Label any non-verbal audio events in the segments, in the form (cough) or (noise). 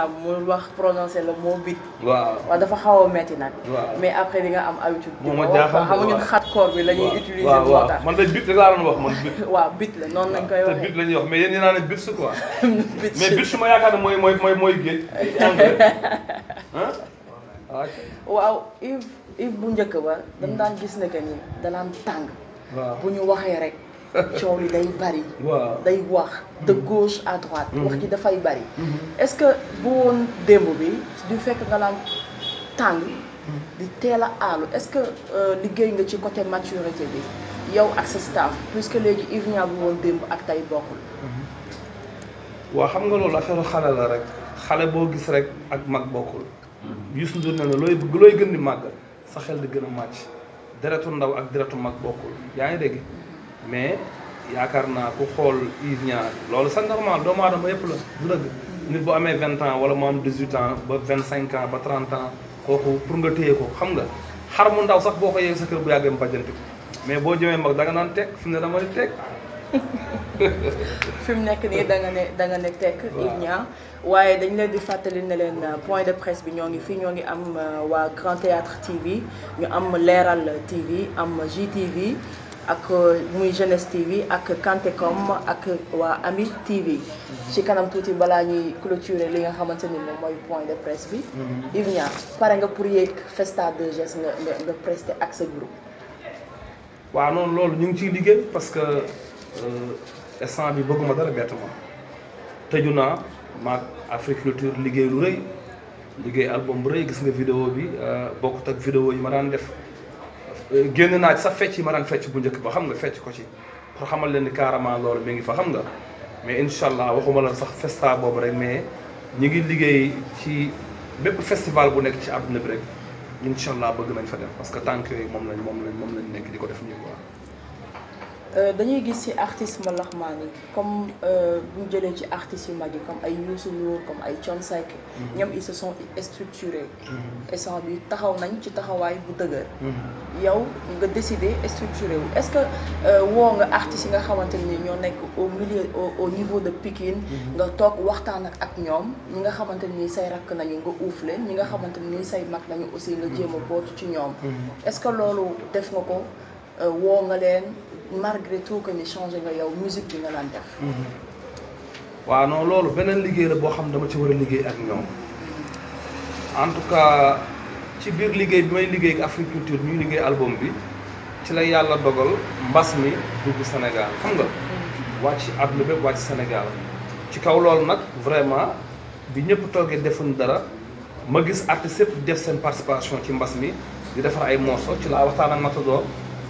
waaw ah, mu wax prononcé la moo bit waaw waaw dafa xaw a metti nag. mais après di nga am habitude. moom moo jaaxal waaw bi la ñuy utiliser. moo tax man de bit rek laa doon wax man bit. (laughs) waaw bit la noonu lañ koy waxee bit la wax mais yéen ñu naan ne bit su quoi. (laughs) bit su ma yaakaar ne mooy mooy mooy (laughs) waaw Yves Yves bu njëkk ba. dañ hmm. daan gis ne que ni danaan tàng. bu ñu waxee rek. coow li day bari. waaw day wax de mm-hmm. gauche à droite. wax ji mm-hmm. dafay bari. Mm-hmm. est-ce que bu woon démb bi du fekk nga naan tàng. di teel a aalu est-ce que euh, liggéey nga ci côté maturité bi yow ak sa staff léegi ivnia bu woon démb ak tay bokkul. waaw xam nga loolu affaire xale la rek xale boo gis rek ak mag bokkul. Youssou Ndour ne la looy gën di màgg sa xel di gën a màcc deretu ndaw ak deretu mag bokkul yaa ngi dégg. mais yaakaar naa ku xool Yves Niang loolu c'est normal doomu aadama yëpp la du dëgg nit bu amee vingt ans wala mu am dix-huit ans ba vingt-cinq ans ba trente ans kooku pour nga téye ko xam nga xar mu ndaw sax boo ko yeeg sa kër bu yàggee mu bàjjanti mais boo jëmee mag danga nga naan teg fi mu ne dama ni (laughs) nekk nii da nga ne da nga ne tekk Yves Niang waaye dañ leen di fàttali ne leen euh, point de presse bi ñoo ngi fii ñoo ngi am euh, waa Grand Théâtre TV ñu am Leeral TV am JTV ak muy Jeunesse TV ak Kantekom ak waa Ami TV. Mhm. ci kanam tuuti balaa ñuy clôturer li nga xamante ni mooy point de presse bi. Mhm. Yves Niang pare nga pour yeeg Festa 2S nga nga nga prester ak sa groupe. waaw noonu loolu ñu ngi ciy liggéey parce que euh, instant bi bëgguma dara bett ma tëju naa maag Africulture liggéey lu rëy liggéey album bu rëy gis nga vidéo bi euh, bokkut ak vidéo yi ma daan def. Euh, génn naa sa sax fecc yi ma daan fecc bu njëkk ba xam nga fecc ko ci pour xamal leen ni carrément loolu mi ngi fa xam nga mais incha allah waxuma la sax festa boobu rek mais ñu ngi liggéey ci bépp festival bu nekk ci àdduna bi rek incha allah bëgg nañ fa def parce que tànk yooyu moom lañ moom lañ moom lañ nekk di ko def ñu quoi. Euh, dañuy gis ci artiste malaxmaan yi comme euh, bu ñu jëlee ci artistes yu mag yi comme ay Youssou Ndour comme ay Thione Seck mhm. ñoom ils se sont structurés mhm. essence bi taxaw nañ ci taxawaay bu dëgër mhm. yow nga décider structuré wu est-ce que euh, woo nga artistes yi nga xamante ni ñoo nekk au milieu au niveau de Pikine nga toog waxtaan ak ak ñoom ñi nga xamante ni say rakk nañu nga uuf leen ñi nga xamante ni say mag nañu aussi la jéem a boot ci ñoom est que loolu def nga ko Euh, woo nga leen malgré tout que ni changé nga yow musique bi nga daan def. Mhm. waaw non loolu beneen liggéey la boo xam ne dama ci war a liggéey ak ñoom en tout cas ci biir liggéey bi may liggéey ak Africulture ñuy liggéey album bi ci la yàlla dogal mbas mi dugg Sénégal xam nga. Mhm. wàcc àdduna bépp wàcc Sénégal ci kaw loolu nag vraiment bi ñëpp toogee defuñ dara ma gis artistes yëpp def seen participation ci mbas mi di defar ay morceaux ci la waxtaan ak Matador.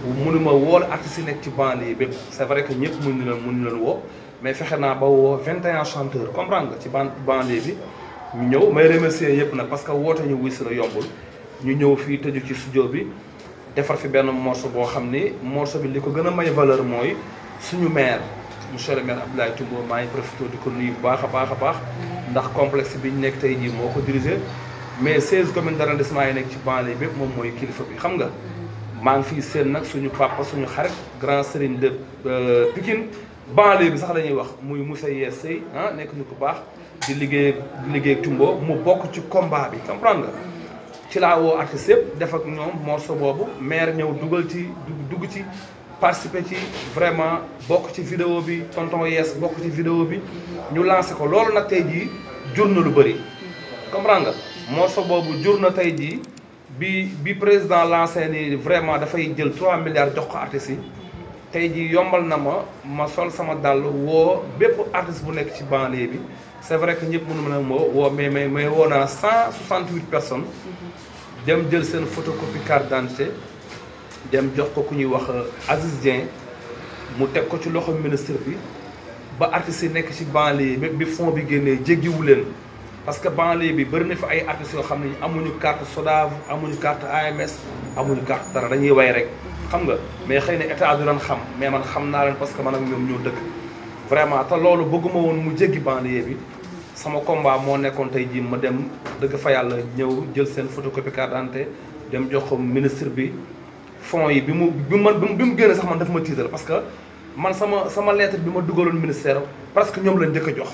mënuma woolu artistes yi nekk ci bande yi bépp c' est vrai que ñëpp mënuñu leen mënuñu leen woo mais fexe naa ba woo 21 chanteurs comprendre nga ci bande bi ñu ñëw may remercier yëpp nag parce que woote ñu wuy si la yombul ñu ñëw fii tëju ci studio bi defar fi benn morceau boo xam ni morceau bi li ko gën a may valeur mooy suñu maire monsieur le maire Abdoulaye Timbo maa ngi profité di ko nuyu bu baax a baax a baax ndax complexe bi ñu nekk tey jii moo ko dirigé mais 16 communes d' arrondissement yi nekk ci banlieue bépp moom mooy kilifa bi xam nga. maa ngi fi seen nag suñu papa suñu xarit grand serigne de euh, Pikine banlieue bi sax lañuy wax muy Moussa Yes Sey ah nekk ñu ko baax di liggéey di liggéey Tumbo mu bokk ci combat bi comprendre nga ci laa woo artiste yëpp def ak ñoom morceau boobu maire ñëw dugal ci dugg ci participer ci vraiment bokk ci vidéo bi tonton Yes bokk ci vidéo bi ñu lancé ko loolu nag tey jii jur na lu bëri comprendre nga morceau boobu jur na tey jii bi bi président lancé ni vraiment dafay jël 3 milliards jox ko artistes yi tey jii yombal na ma ma sol sama dàll woo bépp artiste bu nekk ci banlieue bi c'est vrai que ñëpp mënu ma ne ma woo mais mais mais woo naa 168 personnes. dem jël seen photocopie carte d'identité dem jox ko ku ñuy wax euh, Aziz mu teg ko ci loxo ministre bi ba artistes yi nekk ci banlieue bi bi fond bi génnee jéggiwu leen. parce que banlieue bi bëri na fi ay artistes yoo xam ne amuñu carte SODAV amuñu carte AMS amuñu carte dara dañuy way rek xam nga mais xëy na état du doon xam mais man xam naa leen parce que man ak ñoom ñoo dëkk vraiment te loolu bëgguma woon mu jéggi banlieue bi sama combat moo nekkoon tey jii ma dem dëgg fa yàlla ñëw jël seen photocopie carte dem jox ko ministre bi fonds yi bi mu bi man bi mu génne sax man daf ma tiital parce que man sama sama lettre bi ma dugaloon ministère presque ñoom lañ njëkk a jox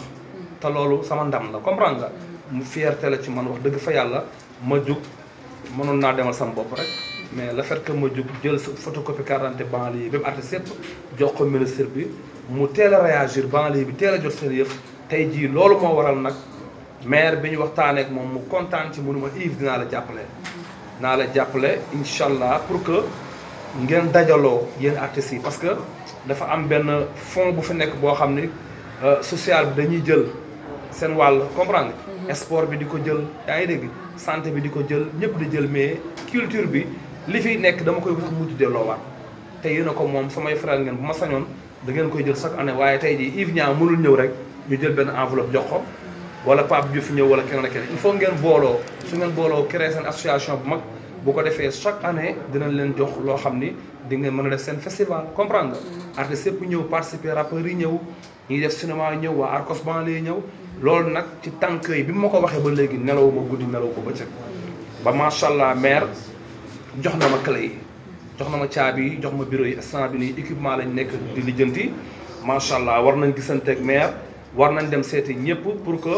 te loolu sama ndam la comprendre nga mu fierté la ci man wax dëgg fa yàlla ma jug mënoon naa demal sama bopp rek mais le fait que ma jug jël sa photocopie carte d'identité banlieue bépp artiste yëpp jox ko ministre bi mu teel a réagir banlieue bi teel a jot seen yëpp tey jii loolu moo waral nag maire bi ñu waxtaaneek moom mu kontaan ci mënuma Yves dinaa la jàppale. naa la jàppale incha allah pour que ngeen dajaloo yéen artistes yi parce que dafa am benn fonds bu fi nekk boo xam ni euh, social bi dañuy jël. seen wàll comprendre nga. Mhm. sport bi di ko jël yaa ngi dégg santé bi di ko jël ñëpp di jël mais culture bi li fi nekk dama koy bëgg loo delloowaat te yéen a ko moom samay frère ngeen bu ma sañoon da ngeen koy jël chaque année waaye tey jii Yves Niang mënul ñëw rek ñu jël benn enveloppe jox ko wala Pape fi ñëw wala keneen ak keneen il faut ngeen booloo su ngeen booloo créer seen association bu mag bu ko defee chaque année dinañ leen jox loo xam ni di ngeen mën a def seen festival comprendre nga. Mhm. artistes yëpp ñëw participer rappeurs yi ñëw ñuy def cinéma ñëw waa Arcos Ban ñëw. loolu nag ci tànk yi bi ma ko waxee ba léegi nelaw ma guddi nelaw ko bëccëg ba macha allah maire jox na ma clé yi jox na ma caabi yi jox ma bureau yi instant bi nii équipement lañ nekk di lijjanti macha allah war nañ gisanteeg maire war nañ dem seeti ñëpp pour que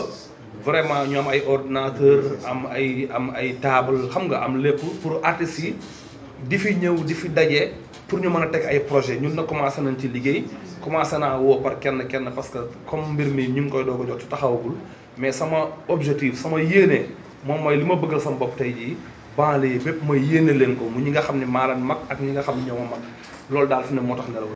vraiment ñoom ay ordinateur am ay am ay table xam nga am lépp pour artistes yi di fi ñëw di fi daje. pour ñu mën a teg ay projet ñun na commencé nañ ci liggéey commencé naa woo par kenn kenn parce que comme mbir mi ñu ngi koy doo a jot taxawagul mais sama objectif sama yéene moom mooy li ma bëggal sama bopp tey jii banlieue bépp ma yéene leen ko mu ñi nga xam ne maa mag ak ñi nga xam ne ñoo ma mag loolu daal fi ne moo tax nelaw